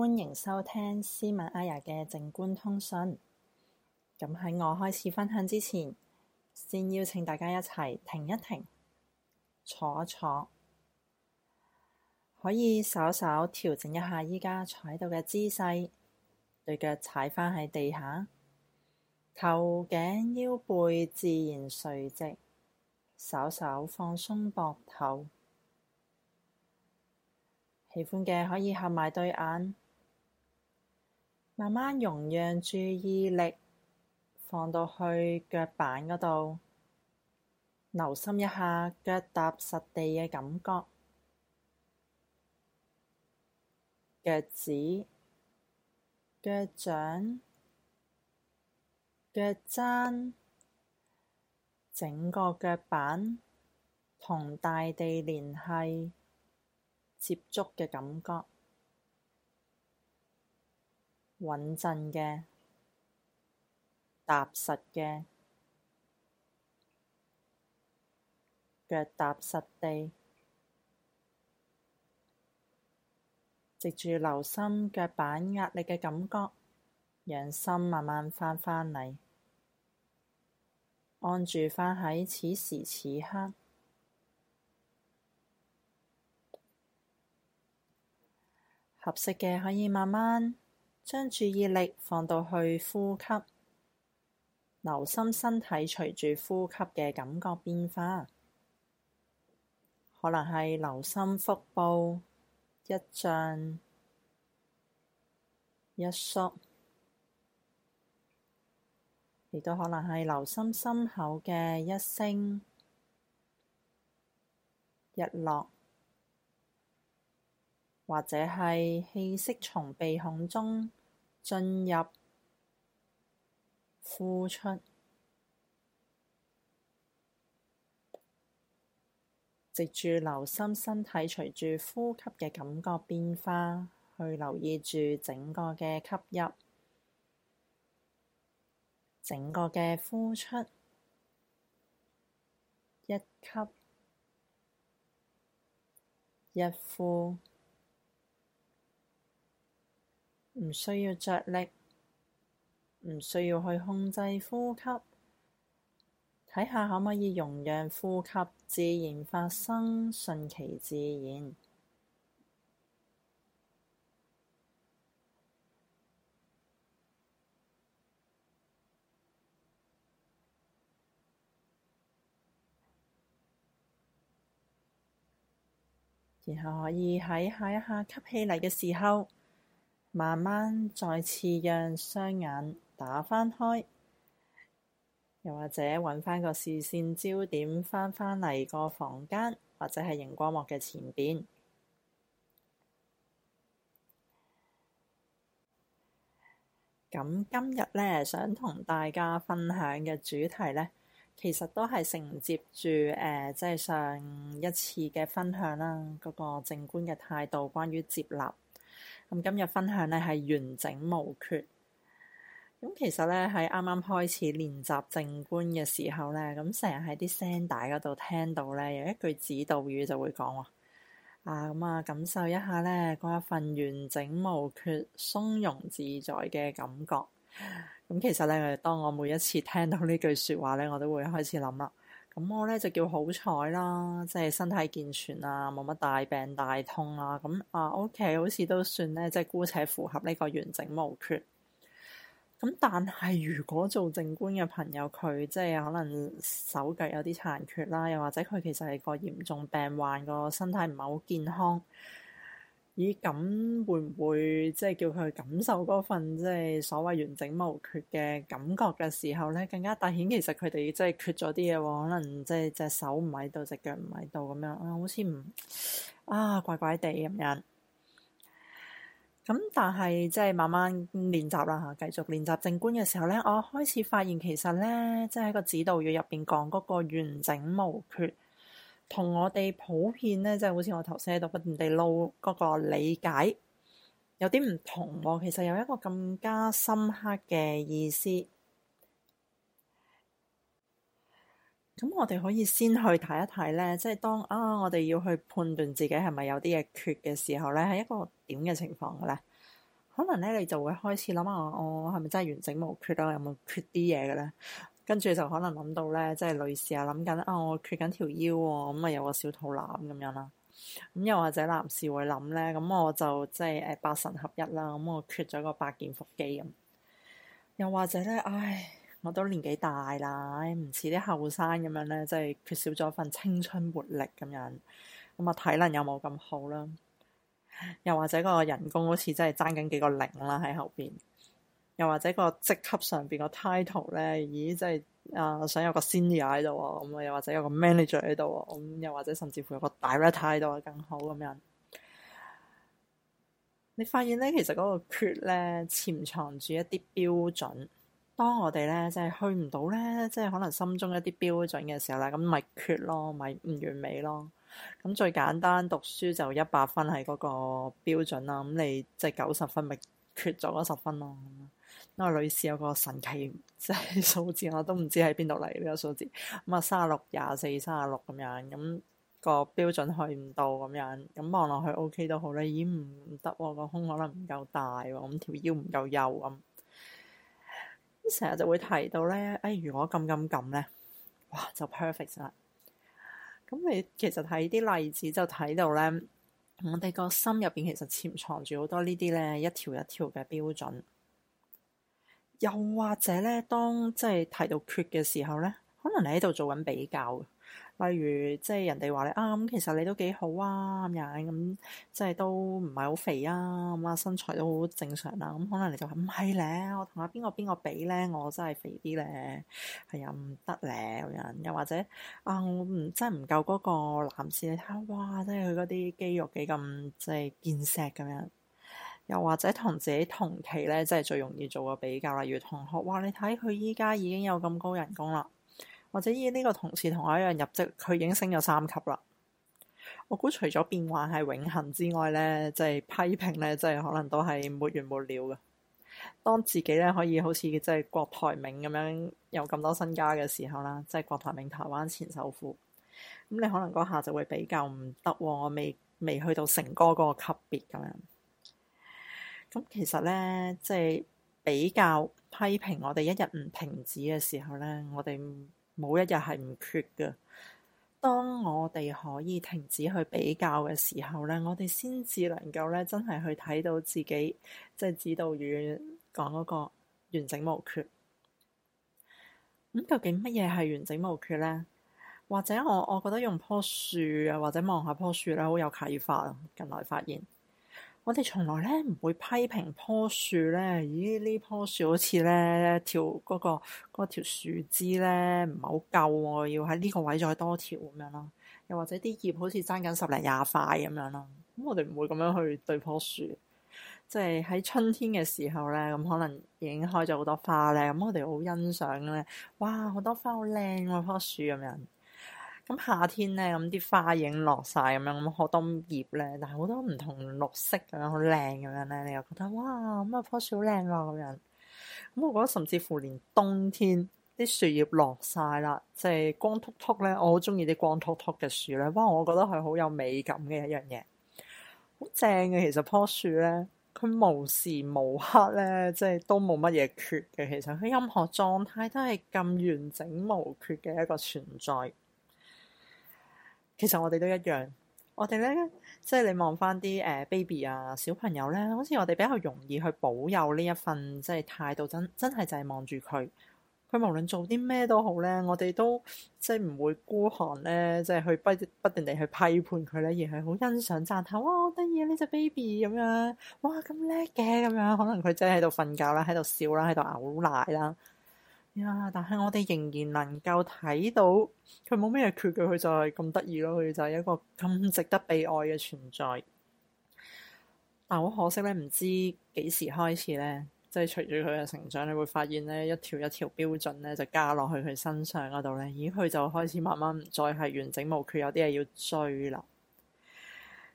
歡迎收聽詩敏 Aya 嘅靜觀通訊。咁喺我開始分享之前，先邀請大家一齊停一停，坐一坐，可以稍稍調整一下依家坐喺度嘅姿勢，對腳踩返喺地下，頭頸腰背自然垂直，稍稍放鬆膊頭。喜歡嘅可以合埋對眼。慢慢容讓注意力放到去腳板嗰度，留心一下腳踏實地嘅感覺，腳趾、腳掌、腳踭，整個腳板同大地聯繫接觸嘅感覺。穩陣嘅，踏實嘅腳踏實地，藉住留心腳板壓力嘅感覺，讓心慢慢翻返嚟，按住翻喺此時此刻，合適嘅可以慢慢。將注意力放到去呼吸，留心身體隨住呼吸嘅感覺變化，可能係留心腹部一脹一縮，亦都可能係留心心口嘅一升一落，或者係氣息從鼻孔中。進入、呼出，藉住留心身體隨住呼吸嘅感覺變化，去留意住整個嘅吸入、整個嘅呼出，一吸、一呼。唔需要着力，唔需要去控制呼吸，睇下可唔可以容讓呼吸自然發生，順其自然。然後可以喺下一下吸氣嚟嘅時候。慢慢再次讓雙眼打翻開，又或者揾返個視線焦點返返嚟，個房間，或者係熒光幕嘅前邊。咁今日呢，想同大家分享嘅主題呢，其實都係承接住誒，即、呃、係、就是、上一次嘅分享啦。嗰、那個靜觀嘅態度關於接納，關於接納。咁今日分享呢係完整無缺。咁其實呢，喺啱啱開始練習靜觀嘅時候呢，咁成日喺啲聲帶嗰度聽到呢，有一句指導語就會講話，啊咁啊，感受一下呢嗰一份完整無缺、鬆容自在嘅感覺。咁其實呢，當我每一次聽到呢句説話呢，我都會開始諗啦。咁我咧就叫好彩啦，即係身體健全啊，冇乜大病大痛啊。咁啊，OK，好似都算咧，即係姑且符合呢個完整無缺。咁但係如果做靜觀嘅朋友，佢即係可能手腳有啲殘缺啦，又或者佢其實係個嚴重病患，個身體唔係好健康。咦，咁會唔會即係叫佢感受嗰份即係所謂完整無缺嘅感覺嘅時候咧，更加凸顯其實佢哋即係缺咗啲嘢喎，可能即係隻手唔喺度，隻腳唔喺度咁樣，好似唔啊怪怪地咁樣。咁但係即係慢慢練習啦嚇，繼續練習靜觀嘅時候咧，我開始發現其實咧，即係喺個指導語入邊講嗰個完整無缺。同我哋普遍咧，即係好似我頭先喺度不斷地撈嗰個理解有啲唔同喎、啊。其實有一個更加深刻嘅意思。咁我哋可以先去睇一睇咧，即係當啊，我哋要去判斷自己係咪有啲嘢缺嘅時候咧，係一個點嘅情況嘅咧。可能咧，你就會開始諗啊，我係咪真係完整無缺？當有冇缺啲嘢嘅咧？跟住就可能諗到咧，即係女士啊諗緊啊，我缺緊條腰喎，咁啊有個小肚腩咁樣啦。咁又或者男士會諗咧，咁我就即係誒八神合一啦，咁我缺咗個八件腹肌咁。又或者咧，唉，我都年紀大啦，唔似啲後生咁樣咧，即係缺少咗份青春活力咁樣，咁啊體能又冇咁好啦。又或者個人工好似真係爭緊幾個零啦喺後邊。又或者個職級上邊個 title 咧，咦，即係啊、呃，想有個 senior 喺度啊，咁啊，又或者有個 manager 喺度啊，咁又或者甚至乎有個 director、er、喺度啊，更好咁樣。你發現咧，其實嗰個缺咧，潛藏住一啲標準。當我哋咧即係去唔到咧，即係可能心中一啲標準嘅時候咧，咁咪缺咯，咪、就、唔、是、完美咯。咁最簡單，讀書就一百分係嗰個標準啦。咁你即係九十分，分，咪缺咗嗰十分咯。我女士有個神奇即係數字，我都唔知喺邊度嚟呢個數字咁啊。卅六廿四卅六咁樣，咁個標準去唔到咁樣，咁望落去 OK 都好啦，已經唔得喎，個胸可能唔夠大喎，咁條腰唔夠幼咁。成日就會提到咧，哎，如果咁咁咁咧，哇就 perfect 啦。咁你其實睇啲例子就睇到咧，我哋個心入邊其實潛藏住好多呢啲咧一條一條嘅標準。又或者咧，當即係提到缺嘅時候咧，可能你喺度做緊比較，例如即係人哋話你啊，咁其實你、嗯、都幾好啊咁樣，咁即係都唔係好肥啊，咁啊身材都好正常啦，咁、嗯、可能你就話唔係咧，我同阿邊個邊個比咧，我真係肥啲咧，係啊唔得咧咁樣，又或者啊，我唔真係唔夠嗰個男士，你睇下哇，即係佢嗰啲肌肉幾咁即係健碩咁樣。又或者同自己同期呢，即係最容易做個比較啦。例如同學話：你睇佢依家已經有咁高人工啦，或者以呢個同事同我一樣入職，佢已經升咗三級啦。我估除咗變幻係永恆之外呢，即係批評呢，即係可能都係沒完沒了㗎。當自己呢，可以好似即係郭台銘咁樣有咁多身家嘅時候啦，即係郭台銘台灣前首富咁，你可能嗰下就會比較唔得、啊。我未未去到成哥嗰個級別咁樣。咁其實咧，即係比較批評我哋一日唔停止嘅時候咧，我哋冇一日係唔缺嘅。當我哋可以停止去比較嘅時候咧，我哋先至能夠咧真係去睇到自己，即係指導語講嗰個完整無缺。咁，嗯，究竟乜嘢係完整無缺咧？或者我我覺得用棵樹啊，或者望下棵樹咧，好有啟發啊！近來發現。我哋從來咧唔會批評棵樹咧，咦、呃、呢棵樹好似咧條嗰、那個嗰條樹枝咧唔係好夠喎、啊，要喺呢個位再多條咁樣咯，又或者啲葉好似爭緊十零廿塊咁樣咯，咁我哋唔會咁樣去對棵樹。即係喺春天嘅時候咧，咁、嗯、可能已經開咗好多花咧，咁、嗯、我哋好欣賞咧，哇，好多花好靚喎，棵樹咁樣。咁夏天咧，咁、嗯、啲花影落晒，咁樣，咁好多葉咧，但係好多唔同綠色咁樣好靚咁樣咧，你又覺得，哇，咁啊棵樹好靚啊咁樣。咁、嗯、我覺得甚至乎連冬天啲樹葉落晒啦，即係光禿禿咧，我好中意啲光禿禿嘅樹咧，哇！我覺得佢好有美感嘅一樣嘢，好正嘅。其實樖樹咧，佢無時無刻咧，即係都冇乜嘢缺嘅。其實佢任何狀態都係咁完整無缺嘅一個存在。其實我哋都一樣，我哋咧，即係你望翻啲誒 baby 啊，小朋友咧，好似我哋比較容易去保有呢一份即係態度，真真係就係望住佢，佢無論做啲咩都好咧，我哋都即係唔會孤寒咧，即係去不不斷地去批判佢咧，而係好欣賞讚嘆，哇，好得意啊呢隻 baby 咁樣，哇咁叻嘅咁樣，可能佢真係喺度瞓覺啦，喺度笑啦，喺度嘔奶啦。Yeah, 但係我哋仍然能夠睇到佢冇咩缺佢，佢就係咁得意咯。佢就係一個咁值得被愛嘅存在。但好可惜咧，唔知幾時開始咧，即係隨住佢嘅成長，你會發現咧一條一條標準咧就加落去佢身上嗰度咧，咦，佢就開始慢慢唔再係完整無缺，有啲嘢要追啦。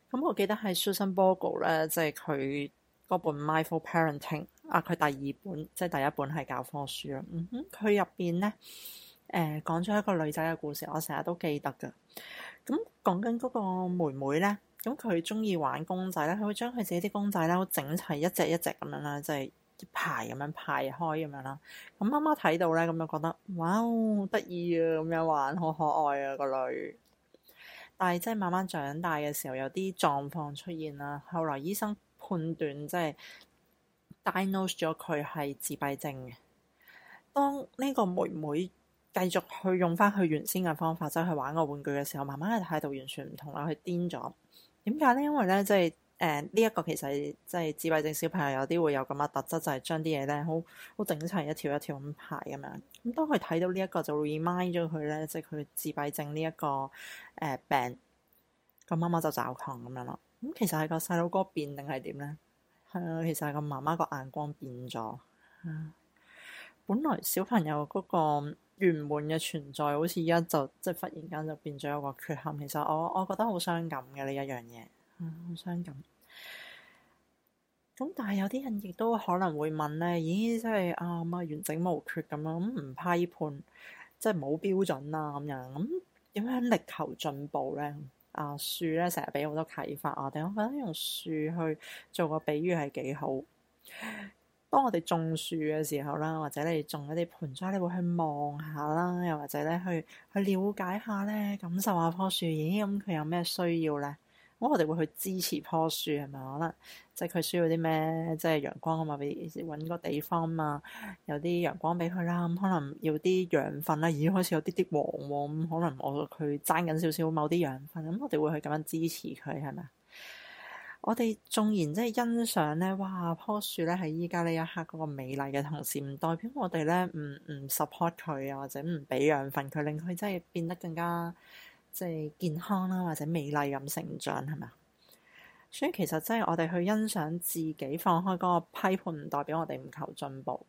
咁我記得喺 Susan Bogle 咧，即係佢嗰本《Mindful Parenting》。啊！佢第二本即係第一本係教科書啦。嗯哼，佢入邊咧，誒講咗一個女仔嘅故事，我成日都記得噶。咁講緊嗰個妹妹咧，咁佢中意玩公仔咧，佢會將佢自己啲公仔咧整齊，一隻一隻咁樣啦，即係一排咁樣，排，樣排開咁樣啦。咁媽媽睇到咧，咁就覺得哇，好得意啊！咁樣玩，好可愛啊，個女。但係即係慢慢長大嘅時候，有啲狀況出現啦。後來醫生判斷即係。diagnose 咗佢係自閉症嘅。當呢個妹妹繼續去用翻佢原先嘅方法，即係去玩個玩具嘅時候，媽媽嘅態度完全唔同啦。佢癲咗，點解咧？因為咧，即係誒呢一個其實即係自閉症小朋友有啲會有咁嘅特質，就係將啲嘢咧好好整齊一條一條咁排咁樣。咁當佢睇到呢一個就 remind 咗佢咧，即係佢自閉症呢一個誒病，個媽媽就找狂咁樣咯。咁其實係個細佬哥變定係點咧？係啊、嗯，其實個媽媽個眼光變咗、嗯，本來小朋友嗰個圓滿嘅存在，好在，好似一就即係忽然間就變咗一個缺陷。其實我我覺得好傷感嘅呢一樣嘢，好、嗯、傷感。咁但係有啲人亦都可能會問咧：咦，即係啊，咁啊完整無缺咁樣，唔、嗯、批判，即係冇標準啊咁樣，咁、嗯、點樣力求進步咧？啊樹咧成日俾好多啟發我哋，我覺得用樹去做個比喻係幾好。當我哋種樹嘅時候啦，或者你種一啲盆栽，你會去望下啦，又或者咧去去了解下咧，感受下棵樹。咦，咁佢有咩需要咧？咁我哋會去支持棵樹係咪？可能即係佢需要啲咩？即係陽光啊嘛，俾揾個地方啊嘛，有啲陽光俾佢啦。咁可能要啲養分啦，已經開始有啲啲黃喎。咁可能我佢爭緊少少某啲養分。咁、嗯、我哋會去咁樣支持佢係咪？我哋縱然即係欣賞咧，哇棵樹咧喺依家呢一刻嗰個美麗嘅同時，唔代表我哋咧唔唔 support 佢啊，或者唔俾養分佢，它令佢真係變得更加。即係健康啦，或者美麗咁成長，係咪？所以其實真係我哋去欣賞自己，放開嗰個批判，唔代表我哋唔求進步。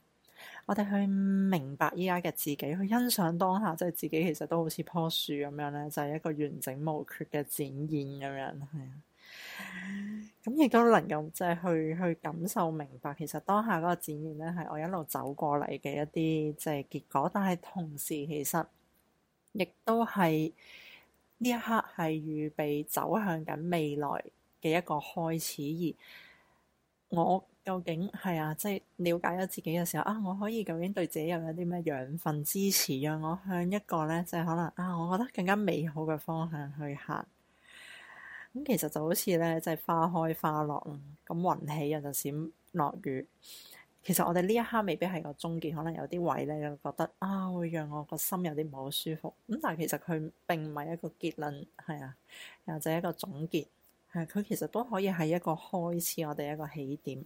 我哋去明白依家嘅自己，去欣賞當下，即係自己其實都好似棵樹咁樣咧，就係一個完整無缺嘅展現咁樣。係啊，咁亦都能夠即係去去感受明白，其實當下嗰個展現咧，係我一路走過嚟嘅一啲即係結果。但係同時其實亦都係。呢一刻係預備走向緊未來嘅一個開始，而我究竟係啊，即係了解咗自己嘅時候啊，我可以究竟對自己又有啲咩養分支持，讓我向一個咧即係可能啊，我覺得更加美好嘅方向去行。咁其實就好似咧，即係花開花落，咁雲起啊就閃落雨。其實我哋呢一刻未必係個終結，可能有啲位咧覺得啊，會讓我個心有啲唔好舒服。咁但係其實佢並唔係一個結論，係啊，又就係一個總結，係佢、啊、其實都可以係一個開始，我哋一個起點。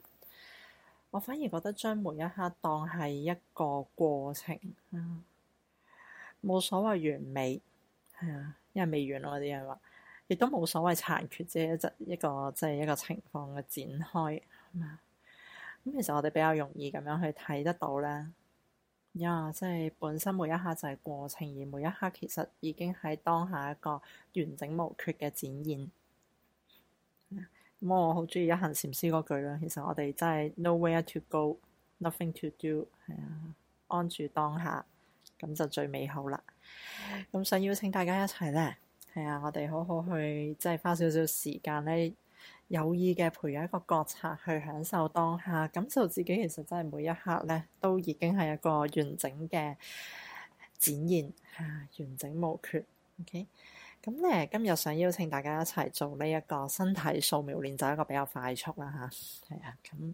我反而覺得將每一刻當係一個過程冇、啊、所謂完美，係啊，因為未完我哋人話，亦都冇所謂殘缺啫，一個即係、就是、一個情況嘅展開啊。咁其實我哋比較容易咁樣去睇得到咧，呀！即係本身每一刻就係過程，而每一刻其實已經喺當下一個完整無缺嘅展現。咁、嗯嗯、我好中意一行禪師嗰句啦，其實我哋真係 nowhere to go，nothing to do，係、嗯、啊，安住當下，咁就最美好啦。咁想邀請大家一齊呢，係、嗯、啊，我哋好好去，即係花少少時間呢。有意嘅培養一個覺察去享受當下，感受自己其實真係每一刻咧，都已經係一個完整嘅展現嚇、啊，完整無缺。OK，咁咧今日想邀請大家一齊做呢一個身體掃描練習，就是、一個比較快速啦嚇，係啊，咁、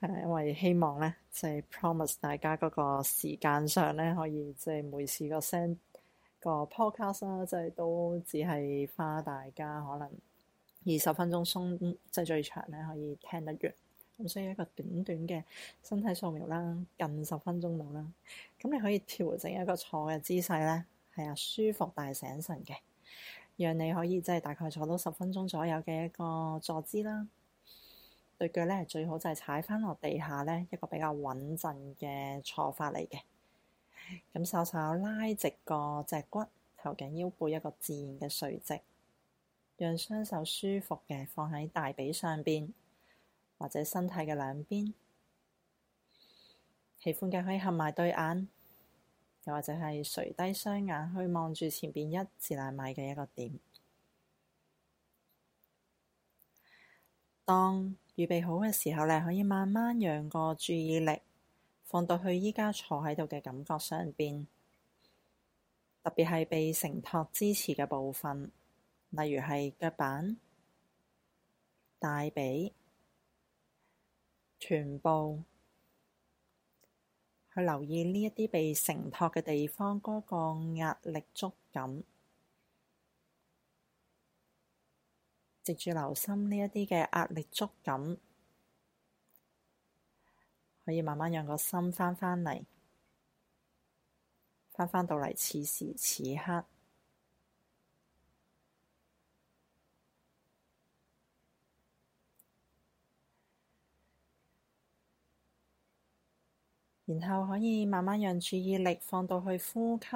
啊、誒、啊，因為希望咧，即、就、係、是、promise 大家嗰個時間上咧，可以即係每次個 send 個 podcast 啦，即係都只係花大家可能。二十分鐘鬆即係最長咧，可以聽得完咁，所以一個短短嘅身體掃描啦，近十分鐘到啦，咁你可以調整一個坐嘅姿勢咧，係啊，舒服大醒神嘅，讓你可以即係大概坐到十分鐘左右嘅一個坐姿啦。對腳咧最好就係踩翻落地下咧，一個比較穩陣嘅坐法嚟嘅。咁稍稍拉直個脊骨、頭頸、腰背，一個自然嘅垂直。讓雙手舒服嘅放喺大髀上邊或者身體嘅兩邊，喜歡嘅可以合埋對眼，又或者係垂低雙眼去望住前邊一至兩米嘅一個點。當預備好嘅時候咧，可以慢慢讓個注意力放到去依家坐喺度嘅感覺上邊，特別係被承托支持嘅部分。例如係腳板、大髀、臀部，去留意呢一啲被承托嘅地方，嗰個壓力觸感，藉住留心呢一啲嘅壓力觸感，可以慢慢讓個心翻返嚟，翻返到嚟此時此刻。然後可以慢慢讓注意力放到去呼吸，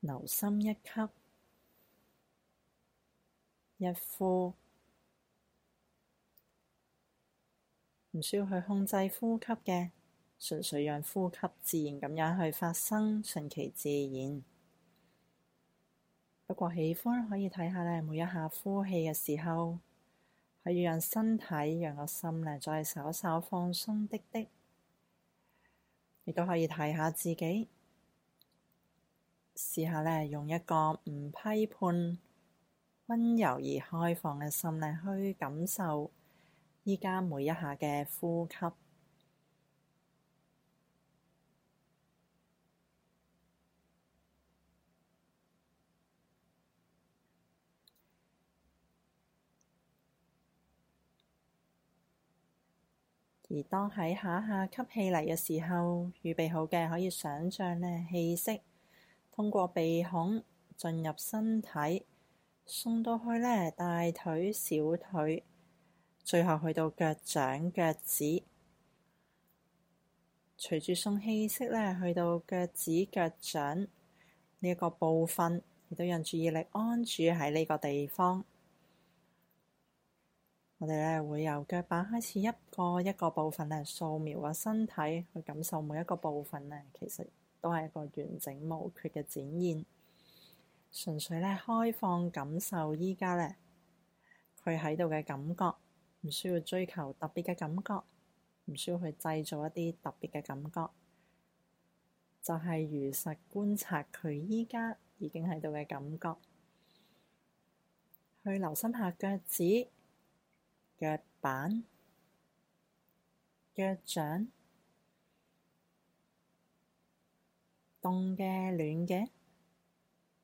留心一吸一呼，唔需要去控制呼吸嘅，純粹讓呼吸自然咁樣去發生，順其自然。不過喜歡可以睇下咧，每一下呼氣嘅時候，可以讓身體、讓個心咧再稍稍放鬆啲啲。滴滴亦都可以睇下自己，試下咧用一個唔批判、溫柔而開放嘅心靈，去感受而家每一下嘅呼吸。而當喺下下吸氣嚟嘅時候，預備好嘅可以想像呢氣息通過鼻孔進入身體，送到去呢大腿、小腿，最後去到腳掌、腳趾。隨住送氣息呢，去到腳趾、腳掌呢一個部分，亦都讓注意力安住喺呢個地方。我哋咧會由腳板開始，一個一個部分咧掃描個身體，去感受每一個部分咧，其實都係一個完整無缺嘅展現。純粹咧開放感受，依家咧佢喺度嘅感覺，唔需要追求特別嘅感覺，唔需要去製造一啲特別嘅感覺，就係如實觀察佢依家已經喺度嘅感覺，去留心下腳趾。腳板、腳掌，凍嘅、暖嘅、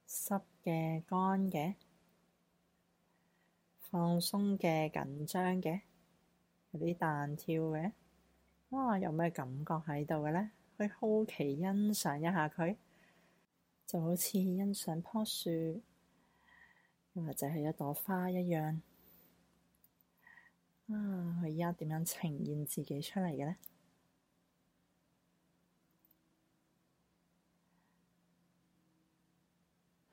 濕嘅、乾嘅、放鬆嘅、緊張嘅，有啲彈跳嘅，哇！有咩感覺喺度嘅呢？去好奇欣賞一下佢，就好似欣賞棵樹或者係一朵花一樣。啊！佢依家點樣呈現自己出嚟嘅呢？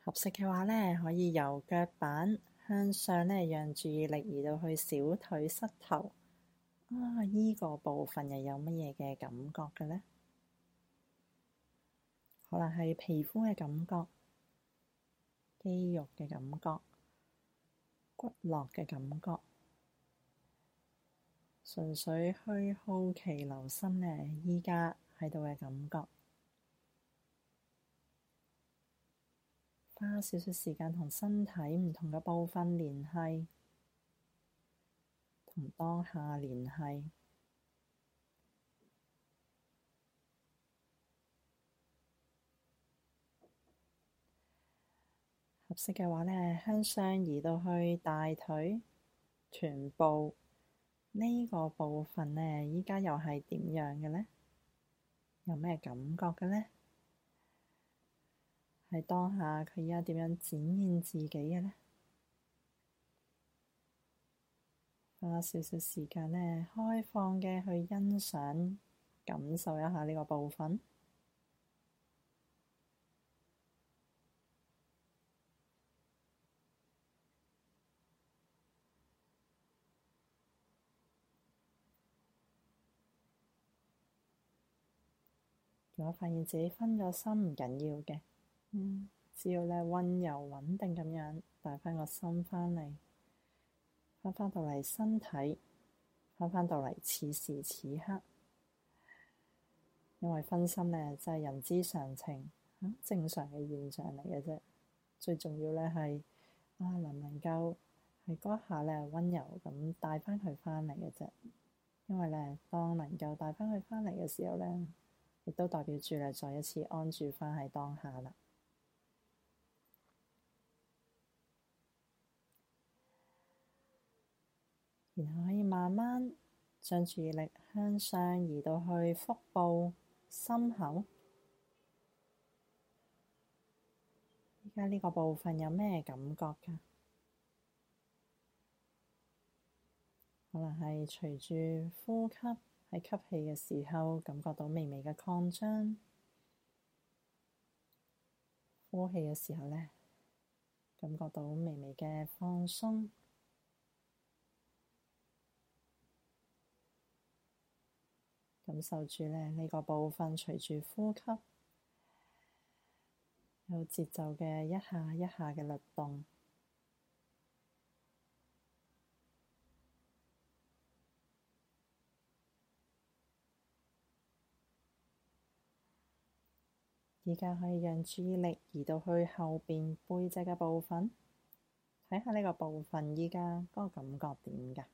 合適嘅話呢，可以由腳板向上呢，讓注意力移到去小腿膝頭。啊！依個部分又有乜嘢嘅感覺嘅呢？可能係皮膚嘅感覺、肌肉嘅感覺、骨骼嘅感覺。純粹去好奇留心呢，依家喺度嘅感覺，花少少時間同身體唔同嘅部分聯繫，同當下聯繫，合適嘅話呢，向上移到去大腿、臀部。呢個部分呢，依家又係點樣嘅呢？有咩感覺嘅呢？係當下佢依家點樣展現自己嘅呢？花少少時間呢，開放嘅去欣賞、感受一下呢個部分。我發現自己分咗心，唔緊要嘅，嗯，只要咧温柔穩定咁樣帶翻個心翻嚟，翻返到嚟身體，翻返到嚟此時此刻，因為分心咧，就係人之常情，啊，正常嘅現象嚟嘅啫。最重要咧係啊，能唔能夠喺嗰下咧温柔咁帶翻佢翻嚟嘅啫。因為咧，當能夠帶翻佢翻嚟嘅時候咧。亦都代表住你再一次安住翻喺當下啦，然後可以慢慢將注意力向上移到去腹部、心口。依家呢個部分有咩感覺㗎？可能係隨住呼吸。吸氣嘅時候，感覺到微微嘅擴張；呼氣嘅時候呢，感覺到微微嘅放鬆。感受住呢呢個部分，隨住呼吸有節奏嘅一下一下嘅律動。而家可以讓注意力移到去後邊背脊嘅部分，睇下呢個部分而家嗰個感覺點㗎。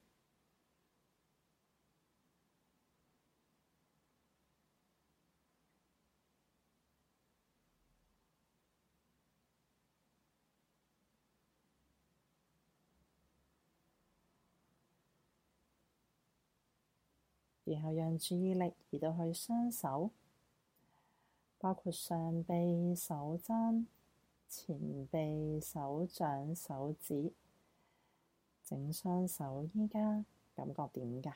然後讓注意力移到去雙手。包括上臂、手踭、前臂、手掌、手指，整雙手依家感覺點㗎？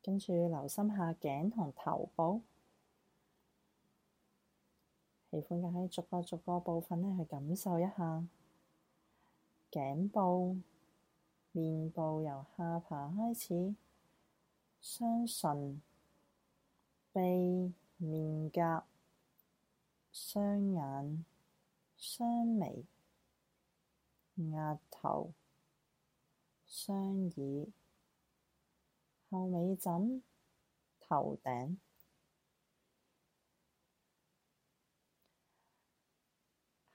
跟住留心下頸同頭部，喜歡嘅可以逐個逐個部分呢去感受一下。頸部、面部由下巴開始，雙唇、鼻、面頰、雙眼、雙眉、額頭、雙耳、後尾枕、頭頂。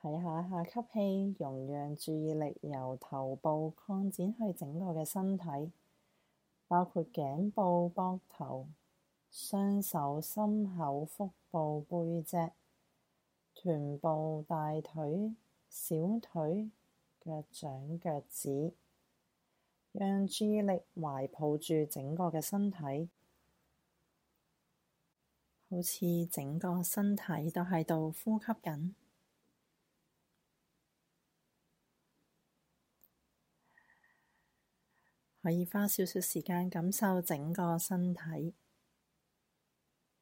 睇下下吸氣，容讓注意力由頭部擴展去整個嘅身體，包括頸部、膊頭、雙手、心口、腹部、背脊、臀部、大腿、小腿、腳掌、腳趾，讓注意力懷抱住整個嘅身體，好似整個身體都喺度呼吸緊。可以花少少時間感受整個身體，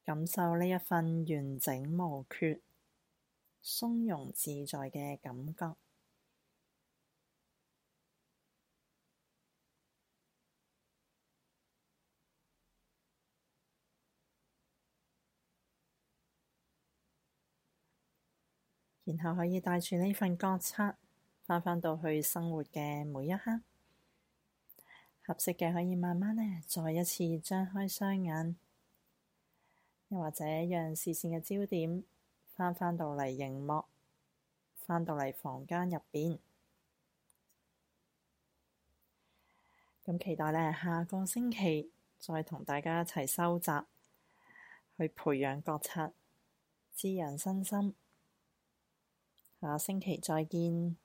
感受呢一份完整無缺、鬆容自在嘅感覺，然後可以帶住呢份覺察，翻返到去生活嘅每一刻。合適嘅可以慢慢呢，再一次張開雙眼，又或者讓視線嘅焦點翻返到嚟熒幕，返到嚟房間入邊。咁期待呢，下個星期再同大家一齊收集，去培養覺察，滋養身心。下星期再見。